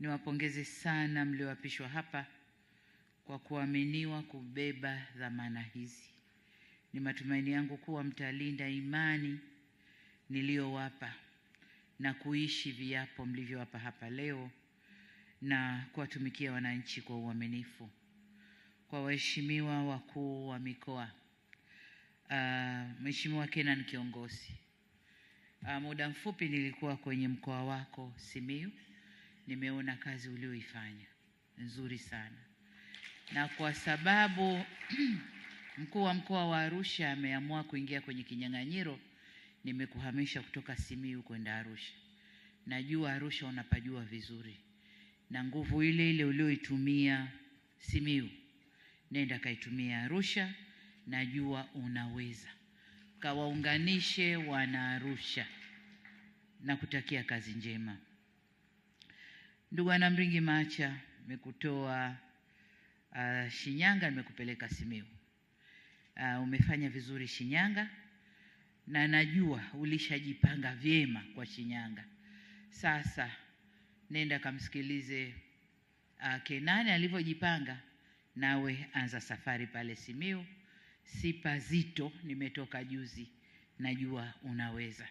Niwapongeze sana mlioapishwa hapa kwa kuaminiwa kubeba dhamana hizi. Ni matumaini yangu kuwa mtalinda imani niliyowapa na kuishi viapo mlivyowapa hapa leo na kuwatumikia wananchi kwa uaminifu. Kwa waheshimiwa wakuu wa mikoa, uh, Mheshimiwa Kenan Kiongozi, uh, muda mfupi nilikuwa kwenye mkoa wako Simiyu nimeona kazi ulioifanya nzuri sana, na kwa sababu mkuu wa mkoa wa Arusha ameamua kuingia kwenye kinyang'anyiro, nimekuhamisha kutoka Simiyu kwenda Arusha. Najua Arusha unapajua vizuri, na nguvu ile ile ulioitumia Simiyu, nenda kaitumia Arusha. Najua unaweza kawaunganishe wana Arusha na kutakia kazi njema. Ndugu mringi Macha, nimekutoa uh, Shinyanga, nimekupeleka simiu Uh, umefanya vizuri Shinyanga na najua ulishajipanga vyema kwa Shinyanga. Sasa nenda kamsikilize uh, Kenani alivyojipanga, nawe anza safari pale simiu Si pazito, nimetoka juzi, najua unaweza.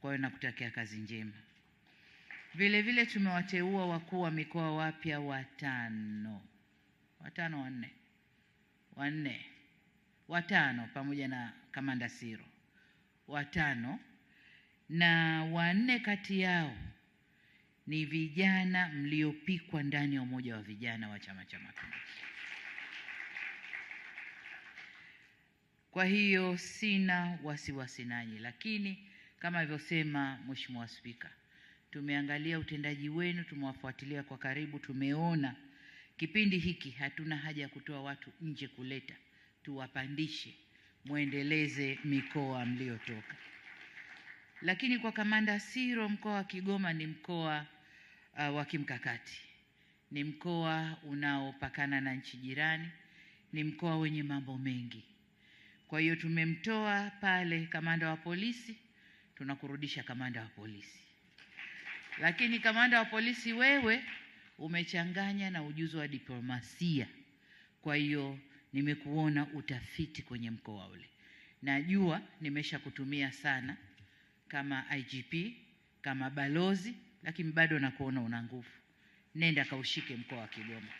Kwa hiyo nakutakia kazi njema. Vile vile tumewateua wakuu wa mikoa wapya watano watano wanne wanne watano pamoja na kamanda Siro watano, na wanne kati yao ni vijana mliopikwa ndani ya umoja wa vijana wa Chama cha Mapinduzi. Kwa hiyo sina wasiwasi nanyi, lakini kama alivyosema Mheshimiwa Spika tumeangalia utendaji wenu, tumewafuatilia kwa karibu, tumeona kipindi hiki hatuna haja ya kutoa watu nje kuleta, tuwapandishe mwendeleze mikoa mliotoka. Lakini kwa Kamanda Siro, mkoa wa Kigoma ni mkoa uh, wa kimkakati, ni mkoa unaopakana na nchi jirani, ni mkoa wenye mambo mengi. Kwa hiyo tumemtoa pale kamanda wa polisi, tunakurudisha kamanda wa polisi lakini kamanda wa polisi, wewe umechanganya na ujuzi wa diplomasia. Kwa hiyo nimekuona utafiti kwenye mkoa ule, najua nimeshakutumia sana kama IGP, kama balozi, lakini bado nakuona una nguvu. Nenda kaushike mkoa wa Kigoma.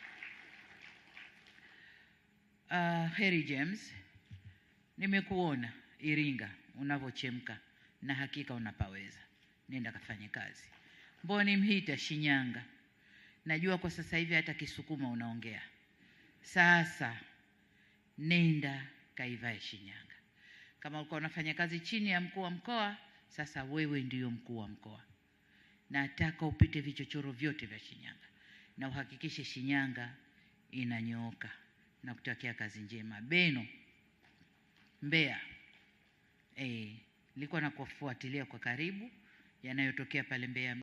Uh, ah, Harry James, nimekuona Iringa unavyochemka na hakika unapaweza. Nenda kafanye kazi. Mboni Mhita, Shinyanga. Najua kwa sasa hivi hata Kisukuma unaongea. Sasa nenda kaivae Shinyanga. Kama ulikuwa unafanya kazi chini ya mkuu wa mkoa, sasa wewe ndiyo mkuu wa mkoa. Nataka upite vichochoro vyote vya Shinyanga na uhakikishe Shinyanga inanyooka. Na kutokea kazi njema. Beno, Mbeya, eh, nilikuwa nakufuatilia kwa karibu yanayotokea pale Mbeya.